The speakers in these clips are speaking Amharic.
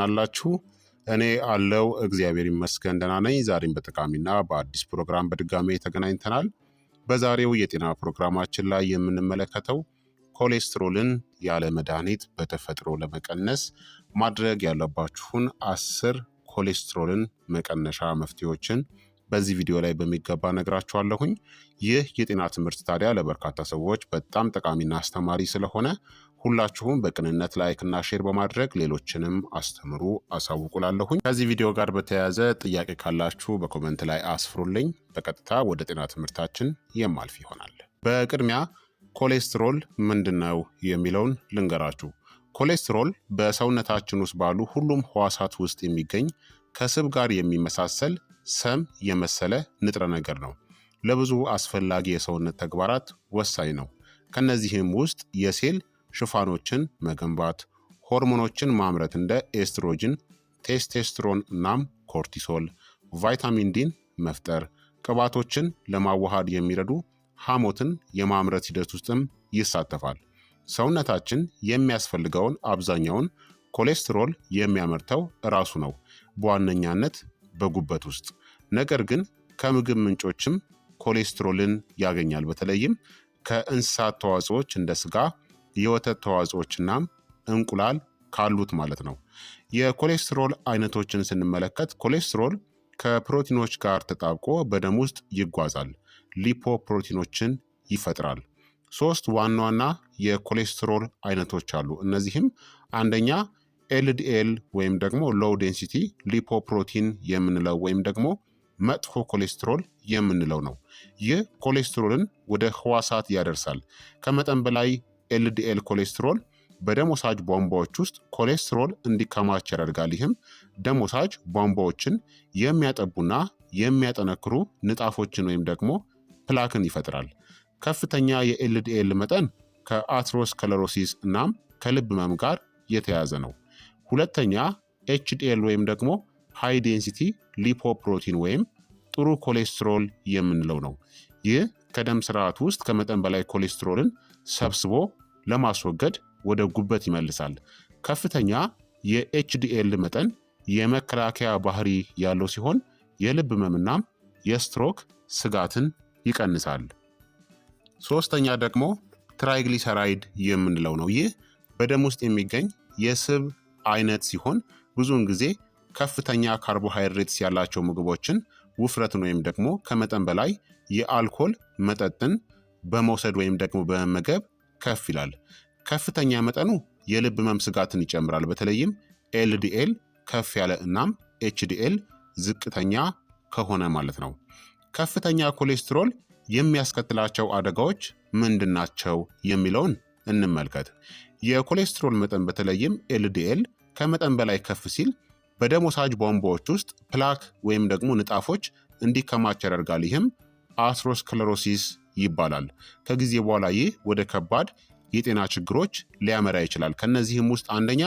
ናላችሁ እኔ አለው እግዚአብሔር ይመስገን ደህና ነኝ። ዛሬም በጠቃሚና በአዲስ ፕሮግራም በድጋሜ ተገናኝተናል። በዛሬው የጤና ፕሮግራማችን ላይ የምንመለከተው ኮሌስትሮልን ያለ መድኃኒት በተፈጥሮ ለመቀነስ ማድረግ ያለባችሁን አስር ኮሌስትሮልን መቀነሻ መፍትሄዎችን በዚህ ቪዲዮ ላይ በሚገባ ነግራችኋለሁኝ። ይህ የጤና ትምህርት ታዲያ ለበርካታ ሰዎች በጣም ጠቃሚና አስተማሪ ስለሆነ ሁላችሁም በቅንነት ላይክና ሼር በማድረግ ሌሎችንም አስተምሩ አሳውቁላለሁኝ። ከዚህ ቪዲዮ ጋር በተያያዘ ጥያቄ ካላችሁ በኮመንት ላይ አስፍሩልኝ። በቀጥታ ወደ ጤና ትምህርታችን የማልፍ ይሆናል። በቅድሚያ ኮሌስትሮል ምንድን ነው የሚለውን ልንገራችሁ። ኮሌስትሮል በሰውነታችን ውስጥ ባሉ ሁሉም ህዋሳት ውስጥ የሚገኝ ከስብ ጋር የሚመሳሰል ሰም የመሰለ ንጥረ ነገር ነው። ለብዙ አስፈላጊ የሰውነት ተግባራት ወሳኝ ነው። ከነዚህም ውስጥ የሴል ሽፋኖችን መገንባት፣ ሆርሞኖችን ማምረት እንደ ኤስትሮጅን፣ ቴስቴስትሮን እናም ኮርቲሶል፣ ቫይታሚን ዲን መፍጠር፣ ቅባቶችን ለማዋሃድ የሚረዱ ሐሞትን የማምረት ሂደት ውስጥም ይሳተፋል። ሰውነታችን የሚያስፈልገውን አብዛኛውን ኮሌስትሮል የሚያመርተው ራሱ ነው፣ በዋነኛነት በጉበት ውስጥ። ነገር ግን ከምግብ ምንጮችም ኮሌስትሮልን ያገኛል፣ በተለይም ከእንስሳት ተዋጽኦች እንደ ስጋ፣ የወተት ተዋጽኦችና እንቁላል ካሉት ማለት ነው። የኮሌስትሮል አይነቶችን ስንመለከት ኮሌስትሮል ከፕሮቲኖች ጋር ተጣብቆ በደም ውስጥ ይጓዛል፣ ሊፖፕሮቲኖችን ይፈጥራል። ሶስት ዋና ዋና የኮሌስትሮል አይነቶች አሉ። እነዚህም አንደኛ ኤልዲኤል ወይም ደግሞ ሎው ዴንሲቲ ሊፖፕሮቲን የምንለው ወይም ደግሞ መጥፎ ኮሌስትሮል የምንለው ነው። ይህ ኮሌስትሮልን ወደ ህዋሳት ያደርሳል። ከመጠን በላይ ኤልዲኤል ኮሌስትሮል በደም ወሳጅ ቧንቧዎች ውስጥ ኮሌስትሮል እንዲከማች ያደርጋል። ይህም ደም ወሳጅ ቧንቧዎችን የሚያጠቡና የሚያጠነክሩ ንጣፎችን ወይም ደግሞ ፕላክን ይፈጥራል። ከፍተኛ የኤልዲኤል መጠን ከአትሮስከለሮሲስ እናም ከልብ ህመም ጋር የተያዘ ነው። ሁለተኛ ኤችዲኤል ወይም ደግሞ ሃይ ዴንሲቲ ሊፖፕሮቲን ወይም ጥሩ ኮሌስትሮል የምንለው ነው። ይህ ከደም ስርዓት ውስጥ ከመጠን በላይ ኮሌስትሮልን ሰብስቦ ለማስወገድ ወደ ጉበት ይመልሳል። ከፍተኛ የኤችዲኤል መጠን የመከላከያ ባህሪ ያለው ሲሆን የልብ ህመምናም የስትሮክ ስጋትን ይቀንሳል። ሶስተኛ ደግሞ ትራይግሊሰራይድ የምንለው ነው። ይህ በደም ውስጥ የሚገኝ የስብ አይነት ሲሆን ብዙውን ጊዜ ከፍተኛ ካርቦሃይድሬትስ ያላቸው ምግቦችን፣ ውፍረትን ወይም ደግሞ ከመጠን በላይ የአልኮል መጠጥን በመውሰድ ወይም ደግሞ በመመገብ ከፍ ይላል። ከፍተኛ መጠኑ የልብ ህመም ስጋትን ይጨምራል። በተለይም ኤልዲኤል ከፍ ያለ እናም ኤችዲኤል ዝቅተኛ ከሆነ ማለት ነው። ከፍተኛ ኮሌስትሮል የሚያስከትላቸው አደጋዎች ምንድናቸው የሚለውን እንመልከት። የኮሌስትሮል መጠን በተለይም ኤልዲኤል ከመጠን በላይ ከፍ ሲል በደም ወሳጅ ቧንቧዎች ውስጥ ፕላክ ወይም ደግሞ ንጣፎች እንዲከማች ያደርጋል። ይህም አስሮስክለሮሲስ ይባላል። ከጊዜ በኋላ ይህ ወደ ከባድ የጤና ችግሮች ሊያመራ ይችላል። ከነዚህም ውስጥ አንደኛ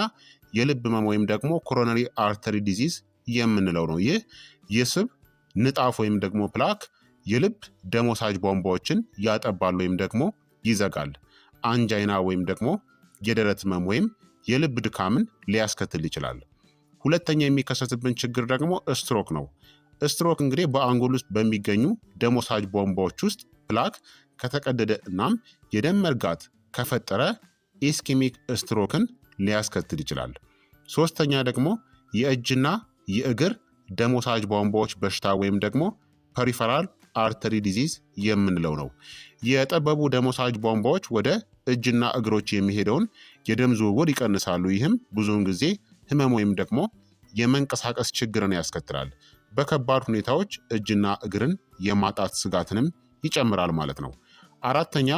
የልብ ህመም ወይም ደግሞ ኮሮነሪ አርተሪ ዲዚዝ የምንለው ነው። ይህ የስብ ንጣፍ ወይም ደግሞ ፕላክ የልብ ደም ወሳጅ ቧንቧዎችን ያጠባል ወይም ደግሞ ይዘጋል። አንጃይና ወይም ደግሞ የደረት ህመም ወይም የልብ ድካምን ሊያስከትል ይችላል። ሁለተኛ የሚከሰትብን ችግር ደግሞ ስትሮክ ነው። ስትሮክ እንግዲህ በአንጎል ውስጥ በሚገኙ ደም ወሳጅ ቧንቧዎች ውስጥ ፕላክ ከተቀደደ እናም የደም መርጋት ከፈጠረ ኢስኪሚክ ስትሮክን ሊያስከትል ይችላል። ሶስተኛ ደግሞ የእጅና የእግር ደሞሳጅ ቧንቧዎች በሽታ ወይም ደግሞ ፐሪፈራል አርተሪ ዲዚዝ የምንለው ነው። የጠበቡ ደሞሳጅ ቧንቧዎች ወደ እጅና እግሮች የሚሄደውን የደም ዝውውር ይቀንሳሉ። ይህም ብዙውን ጊዜ ህመም ወይም ደግሞ የመንቀሳቀስ ችግርን ያስከትላል። በከባድ ሁኔታዎች እጅና እግርን የማጣት ስጋትንም ይጨምራል ማለት ነው። አራተኛ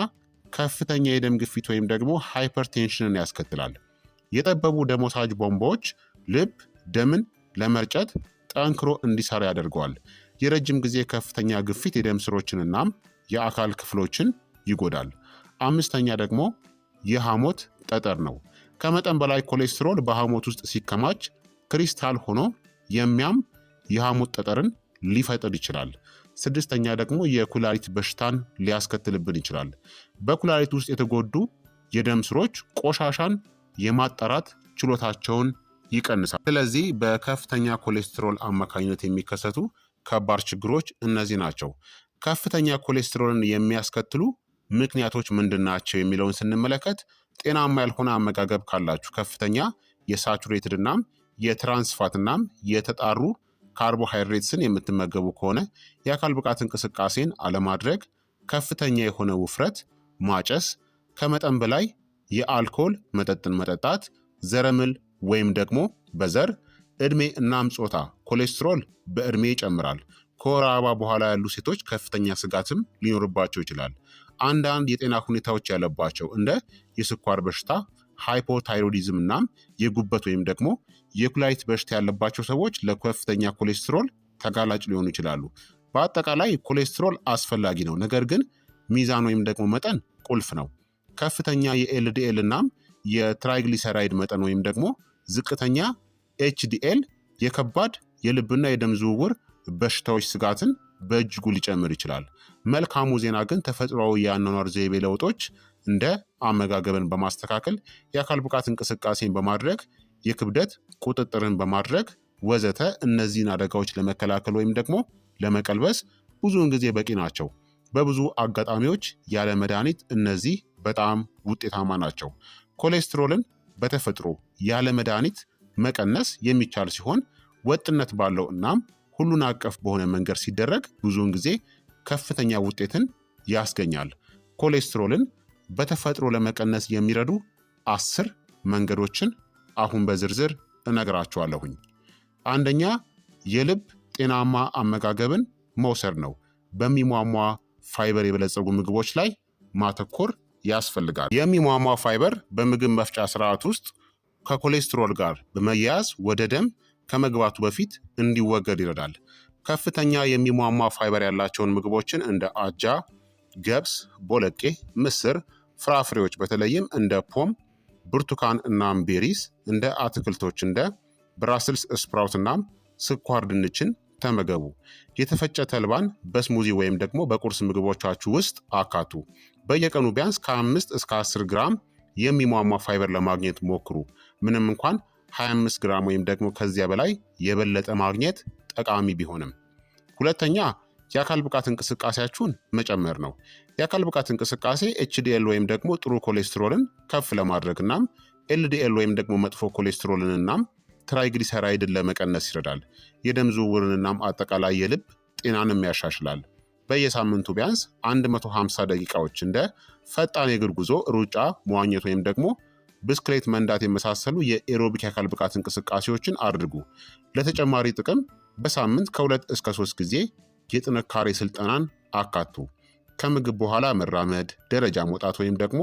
ከፍተኛ የደም ግፊት ወይም ደግሞ ሃይፐርቴንሽንን ያስከትላል። የጠበቡ ደም ወሳጅ ቧንቧዎች ልብ ደምን ለመርጨት ጠንክሮ እንዲሰራ ያደርገዋል። የረጅም ጊዜ ከፍተኛ ግፊት የደም ስሮችን እናም የአካል ክፍሎችን ይጎዳል። አምስተኛ ደግሞ የሐሞት ጠጠር ነው። ከመጠን በላይ ኮሌስትሮል በሐሞት ውስጥ ሲከማች ክሪስታል ሆኖ የሚያም የሐሞት ጠጠርን ሊፈጥር ይችላል። ስድስተኛ ደግሞ የኩላሊት በሽታን ሊያስከትልብን ይችላል። በኩላሊት ውስጥ የተጎዱ የደም ስሮች ቆሻሻን የማጣራት ችሎታቸውን ይቀንሳል። ስለዚህ በከፍተኛ ኮሌስትሮል አማካኝነት የሚከሰቱ ከባድ ችግሮች እነዚህ ናቸው። ከፍተኛ ኮሌስትሮልን የሚያስከትሉ ምክንያቶች ምንድን ናቸው የሚለውን ስንመለከት ጤናማ ያልሆነ አመጋገብ ካላችሁ ከፍተኛ የሳቹሬትድ እናም የትራንስፋት እናም የተጣሩ ካርቦሃይድሬትስን የምትመገቡ ከሆነ የአካል ብቃት እንቅስቃሴን አለማድረግ፣ ከፍተኛ የሆነ ውፍረት፣ ማጨስ፣ ከመጠን በላይ የአልኮል መጠጥን መጠጣት፣ ዘረመል ወይም ደግሞ በዘር እድሜ እናም ጾታ ኮሌስትሮል በእድሜ ይጨምራል። ከወር አበባ በኋላ ያሉ ሴቶች ከፍተኛ ስጋትም ሊኖርባቸው ይችላል። አንዳንድ የጤና ሁኔታዎች ያለባቸው እንደ የስኳር በሽታ ሃይፖታይሮዲዝም እና የጉበት ወይም ደግሞ የኩላሊት በሽታ ያለባቸው ሰዎች ለከፍተኛ ኮሌስትሮል ተጋላጭ ሊሆኑ ይችላሉ። በአጠቃላይ ኮሌስትሮል አስፈላጊ ነው፣ ነገር ግን ሚዛን ወይም ደግሞ መጠን ቁልፍ ነው። ከፍተኛ የኤልዲኤል እናም የትራይግሊሰራይድ መጠን ወይም ደግሞ ዝቅተኛ ኤችዲኤል የከባድ የልብና የደም ዝውውር በሽታዎች ስጋትን በእጅጉ ሊጨምር ይችላል። መልካሙ ዜና ግን ተፈጥሯዊ የአኗኗር ዘይቤ ለውጦች እንደ አመጋገብን በማስተካከል የአካል ብቃት እንቅስቃሴን በማድረግ የክብደት ቁጥጥርን በማድረግ ወዘተ እነዚህን አደጋዎች ለመከላከል ወይም ደግሞ ለመቀልበስ ብዙውን ጊዜ በቂ ናቸው። በብዙ አጋጣሚዎች ያለ መድኃኒት እነዚህ በጣም ውጤታማ ናቸው። ኮሌስትሮልን በተፈጥሮ ያለ መድኃኒት መቀነስ የሚቻል ሲሆን ወጥነት ባለው እናም ሁሉን አቀፍ በሆነ መንገድ ሲደረግ ብዙውን ጊዜ ከፍተኛ ውጤትን ያስገኛል። ኮሌስትሮልን በተፈጥሮ ለመቀነስ የሚረዱ አስር መንገዶችን አሁን በዝርዝር እነግራችኋለሁኝ። አንደኛ የልብ ጤናማ አመጋገብን መውሰድ ነው። በሚሟሟ ፋይበር የበለጸጉ ምግቦች ላይ ማተኮር ያስፈልጋል። የሚሟሟ ፋይበር በምግብ መፍጫ ስርዓት ውስጥ ከኮሌስትሮል ጋር በመያያዝ ወደ ደም ከመግባቱ በፊት እንዲወገድ ይረዳል። ከፍተኛ የሚሟሟ ፋይበር ያላቸውን ምግቦችን እንደ አጃ፣ ገብስ፣ ቦለቄ፣ ምስር፣ ፍራፍሬዎች በተለይም እንደ ፖም፣ ብርቱካን እናም ቤሪስ፣ እንደ አትክልቶች እንደ ብራስልስ ስፕራውት እናም ስኳር ድንችን ተመገቡ። የተፈጨ ተልባን በስሙዚ ወይም ደግሞ በቁርስ ምግቦቻችሁ ውስጥ አካቱ። በየቀኑ ቢያንስ ከአምስት እስከ አስር ግራም የሚሟሟ ፋይበር ለማግኘት ሞክሩ። ምንም እንኳን 25 ግራም ወይም ደግሞ ከዚያ በላይ የበለጠ ማግኘት ጠቃሚ ቢሆንም፣ ሁለተኛ የአካል ብቃት እንቅስቃሴያችሁን መጨመር ነው። የአካል ብቃት እንቅስቃሴ ኤችዲኤል ወይም ደግሞ ጥሩ ኮሌስትሮልን ከፍ ለማድረግ እናም ኤልዲኤል ወይም ደግሞ መጥፎ ኮሌስትሮልን እናም ትራይግሊሰራይድን ለመቀነስ ይረዳል። የደም ዝውውርን እናም አጠቃላይ የልብ ጤናንም ያሻሽላል። በየሳምንቱ ቢያንስ 150 ደቂቃዎች እንደ ፈጣን የእግር ጉዞ፣ ሩጫ፣ መዋኘት ወይም ደግሞ ብስክሌት መንዳት የመሳሰሉ የኤሮቢክ የአካል ብቃት እንቅስቃሴዎችን አድርጉ። ለተጨማሪ ጥቅም በሳምንት ከሁለት እስከ ሶስት ጊዜ የጥንካሬ ስልጠናን አካቱ። ከምግብ በኋላ መራመድ፣ ደረጃ መውጣት ወይም ደግሞ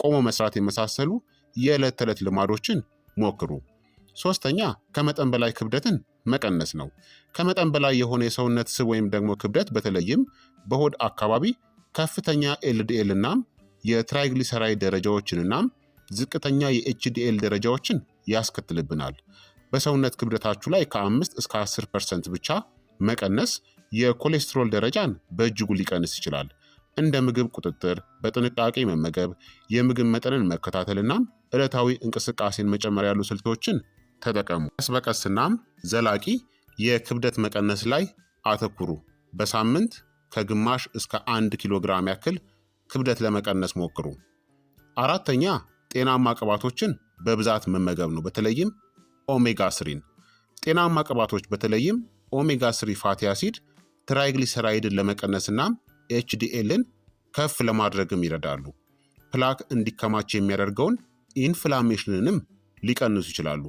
ቆሞ መስራት የመሳሰሉ የዕለት ተዕለት ልማዶችን ሞክሩ። ሶስተኛ ከመጠን በላይ ክብደትን መቀነስ ነው። ከመጠን በላይ የሆነ የሰውነት ስብ ወይም ደግሞ ክብደት በተለይም በሆድ አካባቢ ከፍተኛ ኤልዲኤል እናም የትራይግሊሰራይድ ደረጃዎችን እናም ዝቅተኛ የኤችዲኤል ደረጃዎችን ያስከትልብናል። በሰውነት ክብደታችሁ ላይ ከአምስት እስከ 10 ፐርሰንት ብቻ መቀነስ የኮሌስትሮል ደረጃን በእጅጉ ሊቀንስ ይችላል። እንደ ምግብ ቁጥጥር፣ በጥንቃቄ መመገብ፣ የምግብ መጠንን መከታተል እናም ዕለታዊ እንቅስቃሴን መጨመር ያሉ ስልቶችን ተጠቀሙ። ቀስ በቀስ እናም ዘላቂ የክብደት መቀነስ ላይ አተኩሩ። በሳምንት ከግማሽ እስከ አንድ ኪሎ ግራም ያክል ክብደት ለመቀነስ ሞክሩ። አራተኛ ጤናማ ቅባቶችን በብዛት መመገብ ነው። በተለይም ኦሜጋ ስሪን። ጤናማ ቅባቶች በተለይም ኦሜጋ ስሪ ፋቲ አሲድ ትራይግሊሰራይድን ለመቀነስና ኤችዲኤልን ከፍ ለማድረግም ይረዳሉ። ፕላክ እንዲከማች የሚያደርገውን ኢንፍላሜሽንንም ሊቀንሱ ይችላሉ።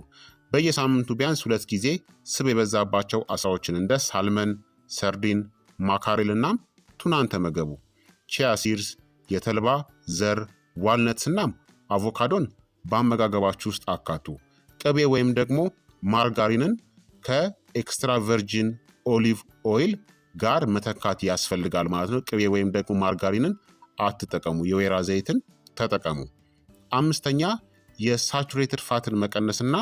በየሳምንቱ ቢያንስ ሁለት ጊዜ ስብ የበዛባቸው አሳዎችን እንደ ሳልመን፣ ሰርዲን፣ ማካሬል እናም ቱናን ተመገቡ። ቺያ ሲርስ፣ የተልባ ዘር፣ ዋልነትስ እናም አቮካዶን በአመጋገባችሁ ውስጥ አካቱ። ቅቤ ወይም ደግሞ ማርጋሪንን ከኤክስትራ ቨርጂን ኦሊቭ ኦይል ጋር መተካት ያስፈልጋል ማለት ነው። ቅቤ ወይም ደግሞ ማርጋሪንን አትጠቀሙ፣ የወይራ ዘይትን ተጠቀሙ። አምስተኛ የሳቹሬትድ ፋትን መቀነስና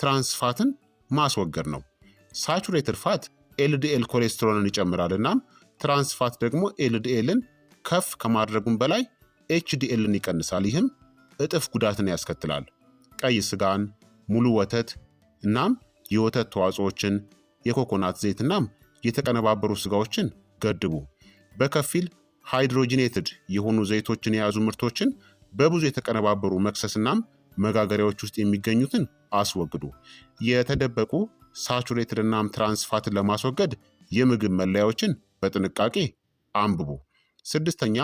ትራንስፋትን ማስወገድ ነው። ሳቹሬትድ ፋት ኤልዲኤል ኮሌስትሮልን ይጨምራል እናም ትራንስፋት ደግሞ ኤልዲኤልን ከፍ ከማድረጉም በላይ ኤችዲኤልን ይቀንሳል። ይህም እጥፍ ጉዳትን ያስከትላል። ቀይ ስጋን፣ ሙሉ ወተት እናም የወተት ተዋጽኦችን፣ የኮኮናት ዘይት እናም የተቀነባበሩ ስጋዎችን ገድቡ። በከፊል ሃይድሮጂኔትድ የሆኑ ዘይቶችን የያዙ ምርቶችን በብዙ የተቀነባበሩ መክሰስ እናም መጋገሪያዎች ውስጥ የሚገኙትን አስወግዱ። የተደበቁ ሳቹሬትድ እናም ትራንስፋትን ለማስወገድ የምግብ መለያዎችን በጥንቃቄ አንብቡ። ስድስተኛ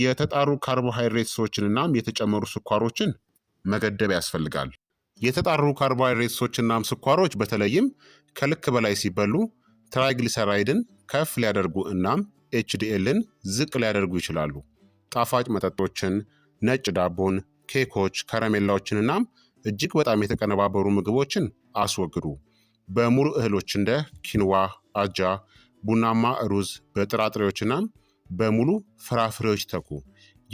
የተጣሩ ካርቦሃይድሬትሶችንና የተጨመሩ ስኳሮችን መገደብ ያስፈልጋል። የተጣሩ ካርቦሃይድሬትሶችና ስኳሮች በተለይም ከልክ በላይ ሲበሉ ትራይግሊሰራይድን ከፍ ሊያደርጉ እናም ኤችዲኤልን ዝቅ ሊያደርጉ ይችላሉ። ጣፋጭ መጠጦችን፣ ነጭ ዳቦን፣ ኬኮች፣ ከረሜላዎችንና እጅግ በጣም የተቀነባበሩ ምግቦችን አስወግዱ። በሙሉ እህሎች እንደ ኪንዋ፣ አጃ፣ ቡናማ ሩዝ በጥራጥሬዎችና በሙሉ ፍራፍሬዎች ተኩ።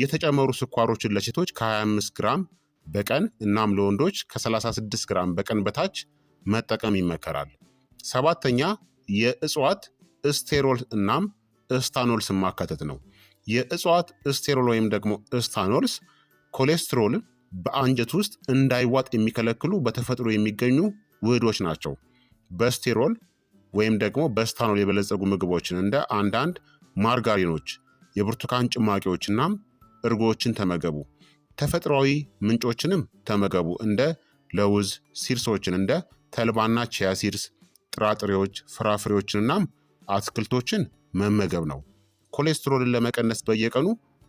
የተጨመሩ ስኳሮችን ለሴቶች ከ25 ግራም በቀን እናም ለወንዶች ከ36 ግራም በቀን በታች መጠቀም ይመከራል። ሰባተኛ የእጽዋት እስቴሮል እናም እስታኖልስ ማካተት ነው። የእጽዋት እስቴሮል ወይም ደግሞ እስታኖልስ ኮሌስትሮልን በአንጀት ውስጥ እንዳይዋጥ የሚከለክሉ በተፈጥሮ የሚገኙ ውህዶች ናቸው። በስቴሮል ወይም ደግሞ በስታኖል የበለጸጉ ምግቦችን እንደ አንዳንድ ማርጋሪኖች፣ የብርቱካን ጭማቂዎችና እርጎችን ተመገቡ። ተፈጥሯዊ ምንጮችንም ተመገቡ። እንደ ለውዝ፣ ሲርሶችን እንደ ተልባና ቺያ ሲርስ፣ ጥራጥሬዎች፣ ፍራፍሬዎችንናም አትክልቶችን መመገብ ነው። ኮሌስትሮልን ለመቀነስ በየቀኑ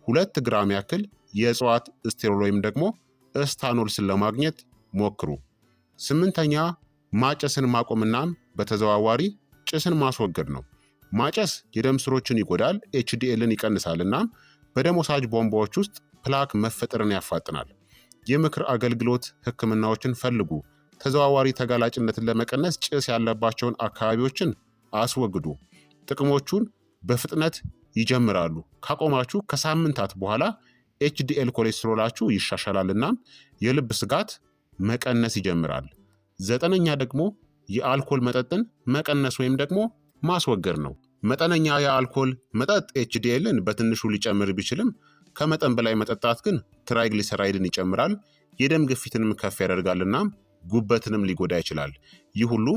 ሁለት ግራም ያክል የእጽዋት ስቴሮል ወይም ደግሞ እስታኖልስን ለማግኘት ሞክሩ። ስምንተኛ ማጨስን ማቆምናም በተዘዋዋሪ ጭስን ማስወገድ ነው። ማጨስ የደም ስሮችን ይጎዳል፣ ኤችዲኤልን ይቀንሳል እናም በደም ወሳጅ ቧንቧዎች ውስጥ ፕላክ መፈጠርን ያፋጥናል። የምክር አገልግሎት ህክምናዎችን ፈልጉ። ተዘዋዋሪ ተጋላጭነትን ለመቀነስ ጭስ ያለባቸውን አካባቢዎችን አስወግዱ። ጥቅሞቹን በፍጥነት ይጀምራሉ። ካቆማችሁ ከሳምንታት በኋላ ኤችዲኤል ኮሌስትሮላችሁ ይሻሻላል እናም የልብ ስጋት መቀነስ ይጀምራል። ዘጠነኛ ደግሞ የአልኮል መጠጥን መቀነስ ወይም ደግሞ ማስወገድ ነው። መጠነኛ የአልኮል መጠጥ ኤችዲኤልን በትንሹ ሊጨምር ቢችልም ከመጠን በላይ መጠጣት ግን ትራይግሊሰራይድን ይጨምራል፣ የደም ግፊትንም ከፍ ያደርጋልና ጉበትንም ሊጎዳ ይችላል። ይህ ሁሉ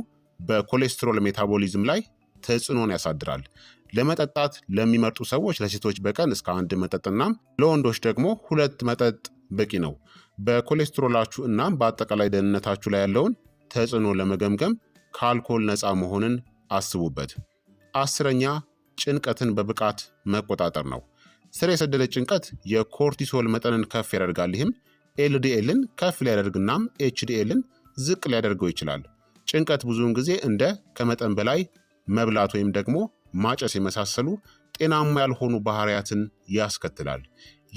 በኮሌስትሮል ሜታቦሊዝም ላይ ተጽዕኖን ያሳድራል። ለመጠጣት ለሚመርጡ ሰዎች ለሴቶች በቀን እስከ አንድ መጠጥና ለወንዶች ደግሞ ሁለት መጠጥ በቂ ነው። በኮሌስትሮላችሁ እናም በአጠቃላይ ደህንነታችሁ ላይ ያለውን ተጽዕኖ ለመገምገም ከአልኮል ነፃ መሆንን አስቡበት። አስረኛ ጭንቀትን በብቃት መቆጣጠር ነው። ስር የሰደደ ጭንቀት የኮርቲሶል መጠንን ከፍ ያደርጋል። ይህም ኤልዲኤልን ከፍ ሊያደርግናም ኤችዲኤልን ዝቅ ሊያደርገው ይችላል። ጭንቀት ብዙውን ጊዜ እንደ ከመጠን በላይ መብላት ወይም ደግሞ ማጨስ የመሳሰሉ ጤናማ ያልሆኑ ባህሪያትን ያስከትላል።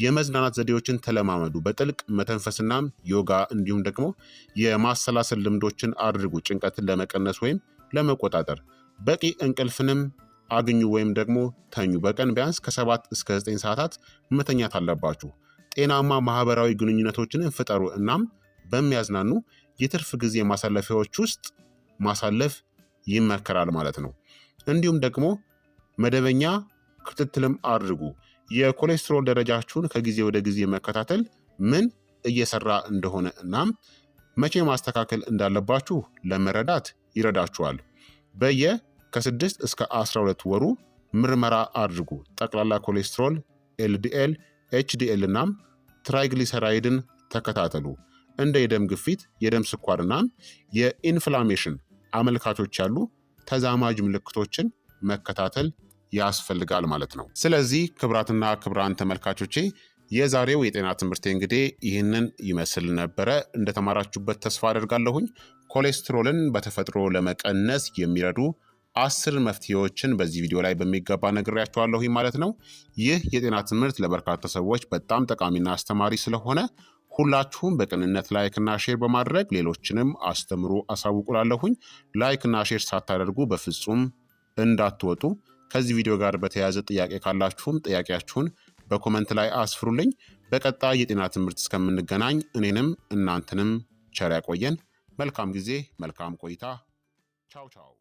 የመዝናናት ዘዴዎችን ተለማመዱ። በጥልቅ መተንፈስናም ዮጋ እንዲሁም ደግሞ የማሰላሰል ልምዶችን አድርጉ ጭንቀትን ለመቀነስ ወይም ለመቆጣጠር በቂ እንቅልፍንም አግኙ ወይም ደግሞ ተኙ። በቀን ቢያንስ ከሰባት እስከ ዘጠኝ ሰዓታት መተኛት አለባችሁ። ጤናማ ማህበራዊ ግንኙነቶችንም ፍጠሩ። እናም በሚያዝናኑ የትርፍ ጊዜ ማሳለፊያዎች ውስጥ ማሳለፍ ይመከራል ማለት ነው። እንዲሁም ደግሞ መደበኛ ክትትልም አድርጉ። የኮሌስትሮል ደረጃችሁን ከጊዜ ወደ ጊዜ መከታተል ምን እየሰራ እንደሆነ እናም መቼ ማስተካከል እንዳለባችሁ ለመረዳት ይረዳችኋል። በየ ከስድስት እስከ 12 ወሩ ምርመራ አድርጉ። ጠቅላላ ኮሌስትሮል፣ ኤልዲኤል፣ ኤችዲኤል እናም ትራይግሊሰራይድን ተከታተሉ። እንደ የደም ግፊት፣ የደም ስኳር እናም የኢንፍላሜሽን አመልካቾች ያሉ ተዛማጅ ምልክቶችን መከታተል ያስፈልጋል ማለት ነው። ስለዚህ ክብራትና ክብራን ተመልካቾቼ የዛሬው የጤና ትምህርቴ እንግዲህ ይህንን ይመስል ነበረ። እንደተማራችሁበት ተስፋ አደርጋለሁኝ። ኮሌስትሮልን በተፈጥሮ ለመቀነስ የሚረዱ አስር መፍትሄዎችን በዚህ ቪዲዮ ላይ በሚገባ ነግሬያቸዋለሁ ማለት ነው። ይህ የጤና ትምህርት ለበርካታ ሰዎች በጣም ጠቃሚና አስተማሪ ስለሆነ ሁላችሁም በቅንነት ላይክና ሼር በማድረግ ሌሎችንም አስተምሩ አሳውቁላለሁኝ። ላይክና ሼር ሳታደርጉ በፍጹም እንዳትወጡ። ከዚህ ቪዲዮ ጋር በተያያዘ ጥያቄ ካላችሁም ጥያቄያችሁን በኮመንት ላይ አስፍሩልኝ። በቀጣይ የጤና ትምህርት እስከምንገናኝ እኔንም እናንተንም ቸር ያቆየን። መልካም ጊዜ፣ መልካም ቆይታ። ቻው ቻው